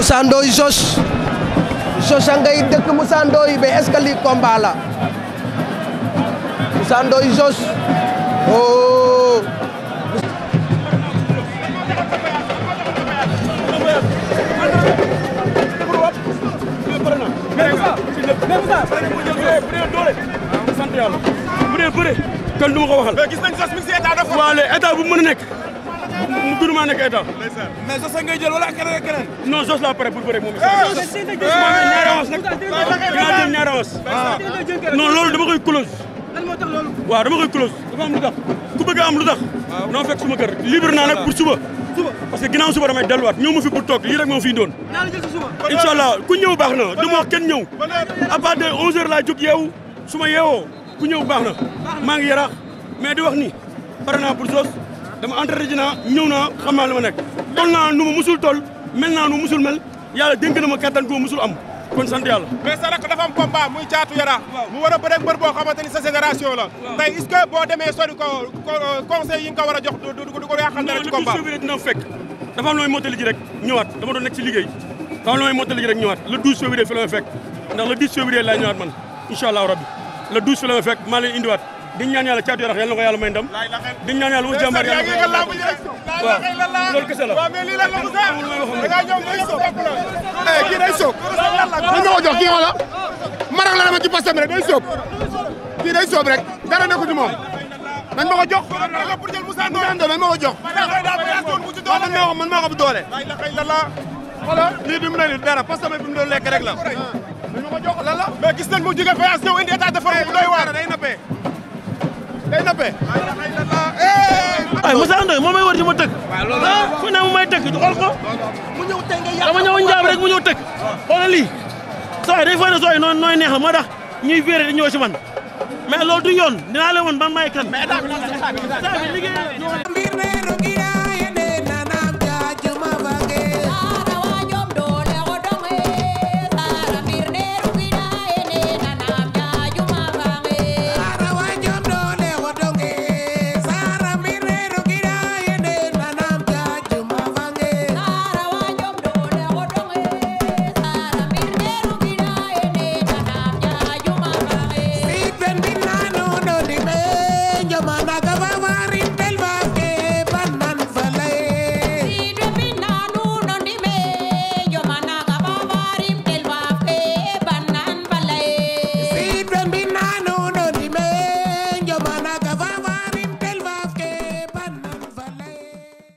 Moussa Ndoye Zoss Zoss a ngay dëkk Moussa Ndoye mais est-ce que lii combat la Moussa Ndoye Zoss oh. sant yàlla waxal. mais gis bu mu nekk. duruma nekk état. mais Zoss ngay jël wala keneen ak keneen. non Zoss laa pare pour bëre moom. Eh, eh, ah. non loolu dama koy close. waaw dama koy close dafa am lu tax ku bëgg am lu tax. non fekk suma kër libre naa nag pour suba. parce que ginnaaw suba damay delluwaat ñëw ma fi pour toog lii rek moo fi doon. incha allah ku ñëw baax na du ma wax kenn ñëw. à de 11h laa jóg yeewu su ma yeewoo ku ñëw baax na maa ngi yaraax mais di wax ni pare naa pour dama entretien naa ñëw naa xam naa li ma nekk toll naa nu ma musul toll mel naa nu musul mel yàlla dénk na ma kattan gu ma musul am kon sant yàlla mais sa rak dafa am muy caatu yara mu war a bëre ak mbër boo xamante ni sa génération la tey est boo demee sori ko conseil yi nga ko war a jox du ko yàqal dara ci combat février dina fekk dafa am lu may mottali ji rek ñëwaat dama doon nekk ci liggéey dafa am lu may mottali ji rek ñëwaat le 12 février fi la may fekk la indiwaat di ñaan yàlla caatu yarax yàlla may ndam di ñaan yàlla wu jàmbaar yàlla na ko yàlla may ndam waaw loolu kese la amul may waxam rek eh, kii day soob dañ ma ko jox kii xoola marak la dama ci kii day soob rek dara nekku moom dañ ma ko jox Moussa Ndoye dañ ma ko jox waaw dañ ma ko man maa ko bu doole xoola lii bi mu ne nii dara pastam ah. ma ko jox la day nappee. ay Moussa Ndoye moom may war di ma tëkk. ah fu ne mu may tëkk xool ko. mu dama ñëw njaam rek mu ñëw tëkk. xoolal lii sooy day fay ne sooy nooy nooy neex la moo tax ñuy viré di ñëw si man mais loolu du yoon dinaa leen woon ban may kan. mais état bi